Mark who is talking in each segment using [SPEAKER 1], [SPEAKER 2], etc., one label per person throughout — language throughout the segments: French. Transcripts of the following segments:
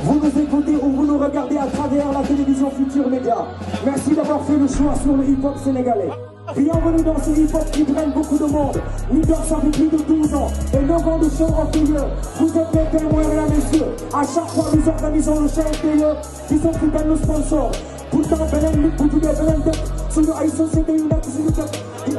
[SPEAKER 1] Vous nous écoutez ou vous nous regardez à travers la télévision future Média. Merci d'avoir fait le choix sur le hip-hop sénégalais. Bienvenue dans ce hip-hop qui prennent beaucoup de monde. Leaders avec plus de 12 ans et 9 de show en Vous êtes les témoins, messieurs. À chaque fois, nous organisons le show Ils sont nos sponsors. Pourtant, nous les Sur une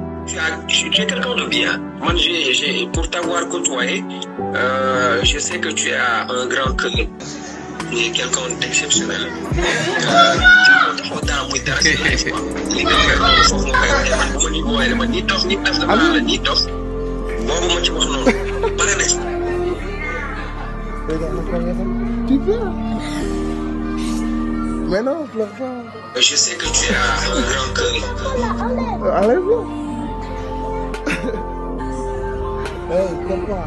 [SPEAKER 1] tu, es quelqu'un de bien. pour t'avoir côtoyé, euh, je sais que tu as un grand cœur. Tu es quelqu'un d'exceptionnel. tu Mais non, je pas. Hein. Je sais que tu as un grand cœur. allez Hey, eh, Pourquoi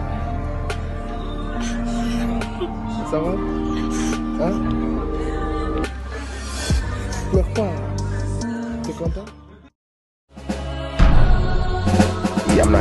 [SPEAKER 1] Ça va Hein Pleure Tu T'es content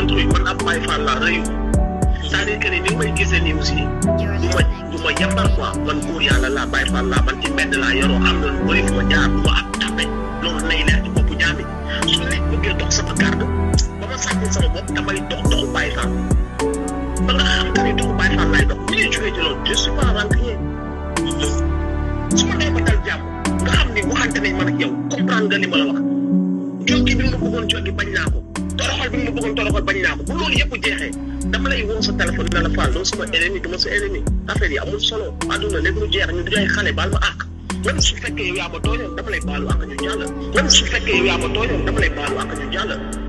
[SPEAKER 1] un truc man ab Baye Fall la rëyu c'est-à-dire ni ni may gisee nii aussi du ma du ma yàmbal quoi man góor yàlla laa Baye Fall man ci mbedd laa yoroo am na lu bëri fu ma jaar du ma ab tàppe loolu nay leer ci boppu jaami ma sànni sama bopp damay dox doxu Baye Fall ba nga xam te ni doxu Baye Fall laay dox bu ñuy jógee ci loolu la wax toroxal bi mu bëggoon toroxal bañ naa ko bu loolu yëpp jeexee dama lay woo sa téléphone na la Fall doo sama ennemi duma sa ennemi affaire yi amul solo àdduna léegi mu jeex ñu du xale baal ma àq même su fekkee yow yaa dama lay baalu àq ñu jàll même su fekkee yow yaa ma tooñoon dama lay baalu àq ñu jàll